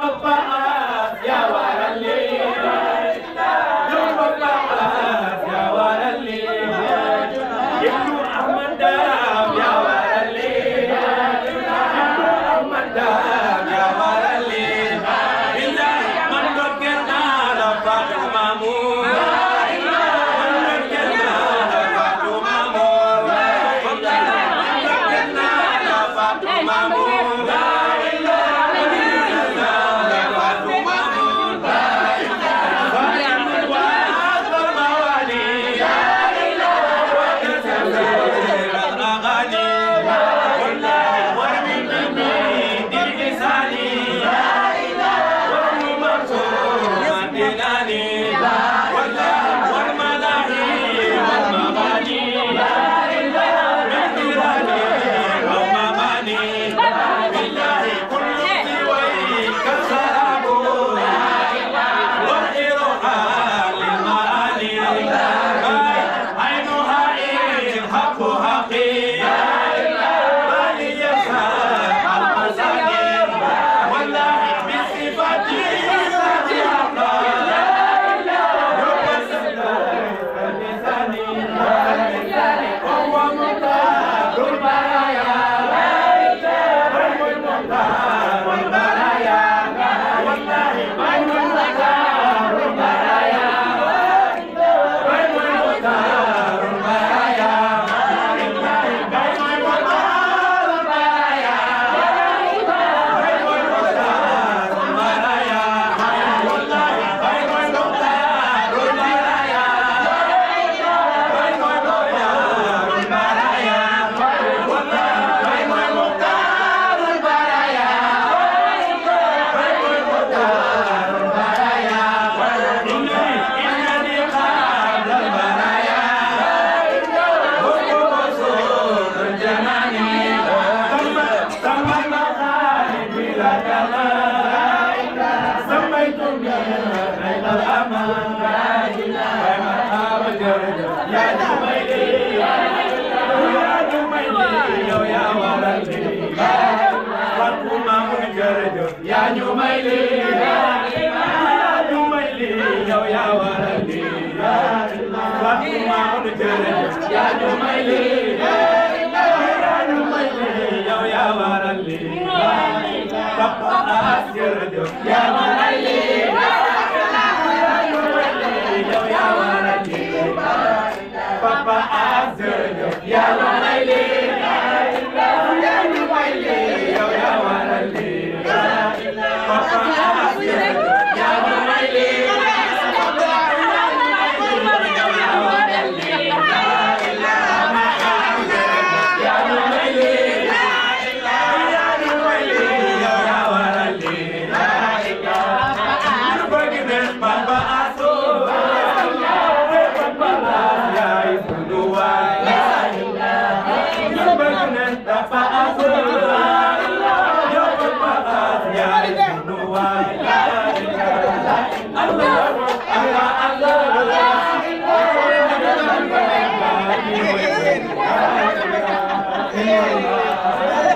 Bye. yaa ñu may lii yaa ñu may lii yow yaa waral lii wax mu maam jërëjëf yaa ñu may lii yaa ñu may lii yow yaa waral lii papa as jërëjëf yaa waral lii yaa ñu may lii yow yaa waral lii papa as jërëjëf yaa waral lii Obrigada. Amen.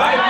Vai,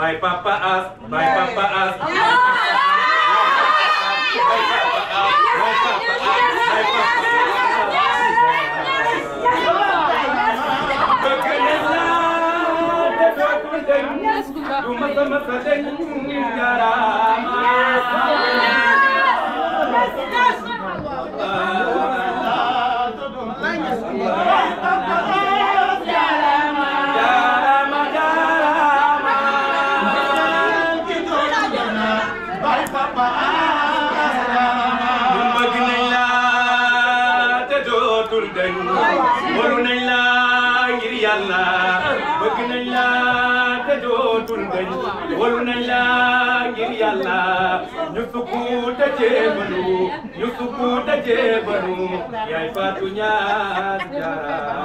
by Papa As, by Papa As. By Papa As, by Papa As, by Papa As, by Papa As. Yes, good. sukuta jébalu ñu sukuta jébalu yaay Fatou Niass Diarra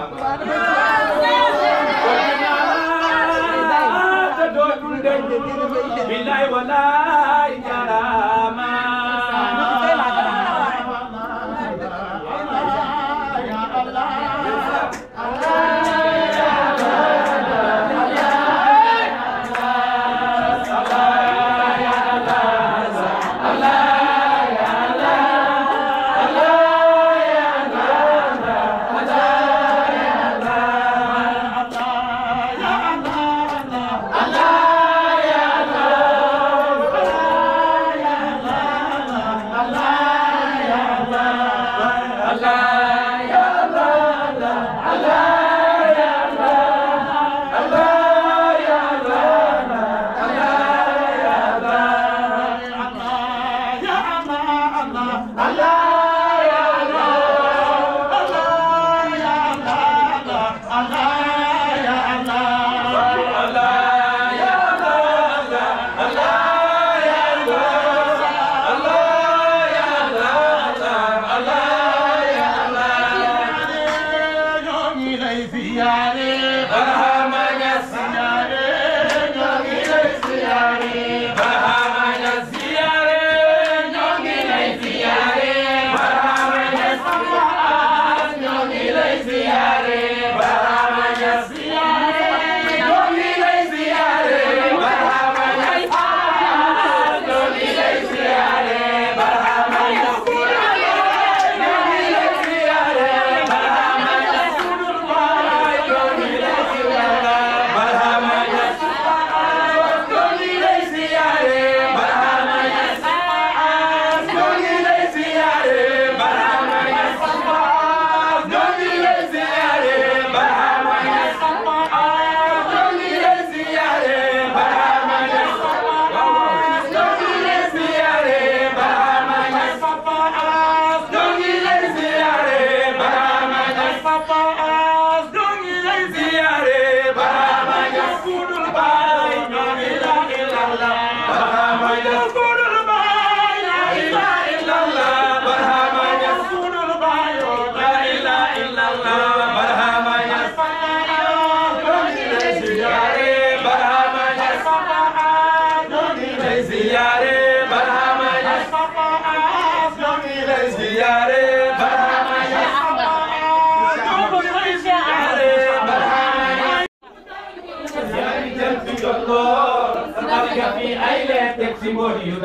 yaare sa walloo gën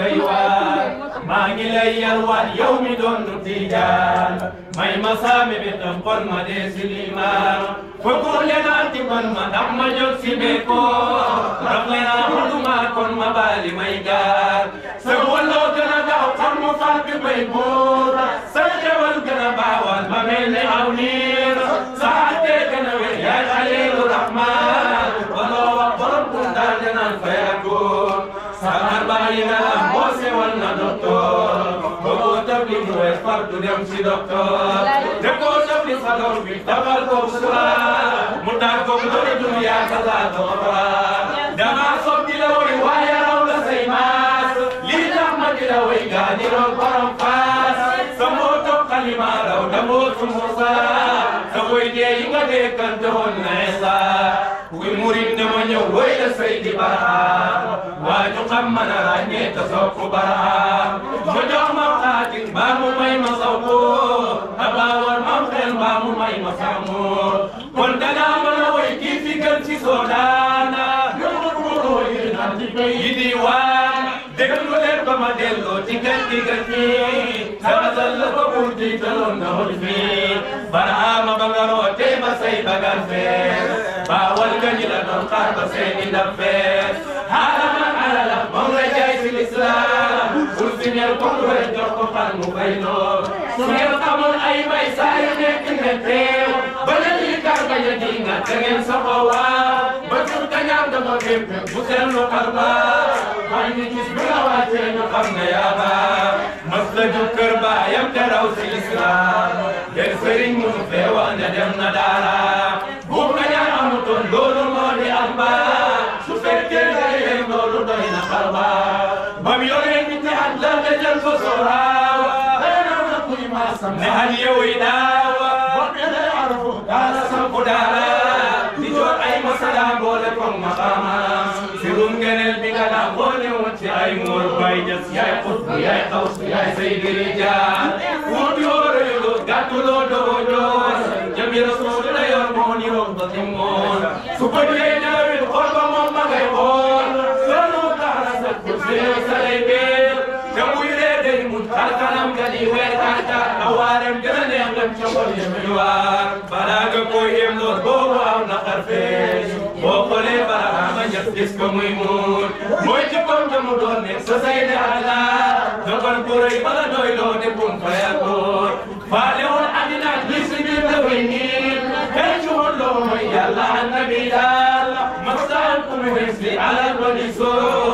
a a yaay xaliilu rahmaan علينا موسى ولنا دكتور بقول تبلي هو يفرد نمشي دكتور نقول تبلي صدر في تبل كوسرا مداركم دور الدنيا كذا دورا دما صب لو رواية لو لسيماس لتحمد لو يقادر البرم فاس سموت قلما لو نموت مصا سوي دي يقدر كنتون عصا kuy murit dama ñëw woy la say di baraam waa ñu xam mën a ràññee te sopp baraam ma baa mu may ma saw ko abaawar mu may ma sàmmoor kon ಗೋಚಿ ಕಟ್ಟಿ ಕಟ್ಟಿ ಸವಸಲ್ಲ ಪೂರ್ತಿ ತಲುಂದ ಹೊಲ್ಮಿ ಬರಾಮ ಬಂಗರೋಟೆ ಬಸೈ ಬಗರ್ಫೆ ಬಾವಲ್ ಗಣಿಲ ನೌಕಾ ಬಸೈ ನಿಲಂಬೆ ಹಾರಮ ಅಳಲ ಮಂಗಳ ಜೈಸಿಲ್ ಇಸ್ಲಾಂ ಉರ್ಸಿನಿಯರ್ ಕೊಂಗುರೆ ಜೋಕೋ ಪನ್ ಮುಬೈನೋ ಸುನಿಯರ್ ಕಮಲ್ ಐ ಬೈ ಸಾಯಿ ನೆಕ್ಕಿನ ತೇವ್ ಬದಲಿ ಕಾರ್ಬ ಯದಿಂಗ ತೆಗೆನ್ ಸಬವಾ ಬಚುರ್ ಕನ್ಯಾದ ಮಗೆ ಬುಸೆನ್ ಲೋಕರ್ಬಾ mooy ñu gis bu la wàccee ñu xam ne yaa baax mas la jug kër baayam te raw si lislaam del sëriñ mënu fee wax ne dem na daara bu ka ñaan amutoon loolu moo di am ba su fekkee ngay leen loolu doy na xalba bam yoree ñi te at la jël fa sooraawa ne al yow yi daal yaay Mor Baye Niass yaay Xutbu yaay Xawsu yaay Seydi Rijaal wut yoo rëyuloo gàttuloo doo door jëmi Rasuul la yor moo ni woon ba te moon su bëggee jawit xool ba moom ma ngay xool sanu taxna sa kursiyo sa lay beel te buy ree day mun xar kanam ga di weer tànta awaareem gën a neex dem ca xol yemi waar balaa nga koy yem lool boobu am na xar fee gis gis ko muy muur mooy ci compte mu doon nekk société ala dogal bu rëy ba la doy loo ne bum fayal góor faale woon àddina gis si biir dafay niin xëy ci woon loo mooy yàlla annabi daal masaan ku mu xis li alal doon di sóor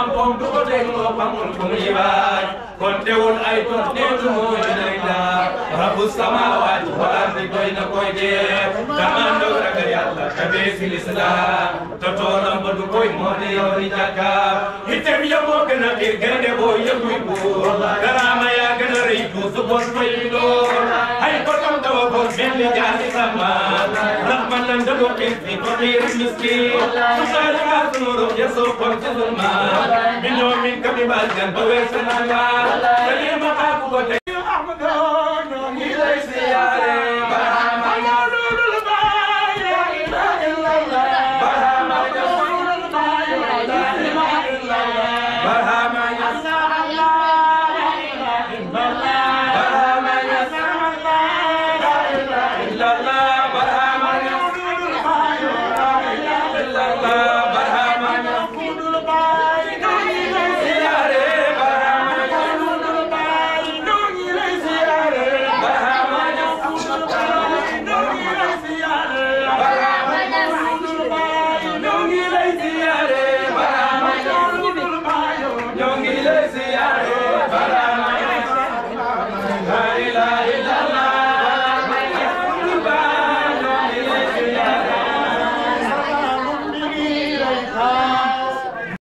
am koom du ko teg moo xamul ku muy bañ kon teewul ay tos nee du moo jëlee laa rabu samaawaati wal ardi doy na koy dee damaandoog ragal yàlla tabee si lislaam te toolam ba du koy moo di yow di jàkkaar itam yam moo gën a xiir gaynde boo buur garaama yaa gën a rëy duusu door فعل جعل زمان رغما لن تبقي في فقير مسكين تصالح النور يسوق الجزمان من يوم قبل ما الجنب ويسن الله كلمة حقوق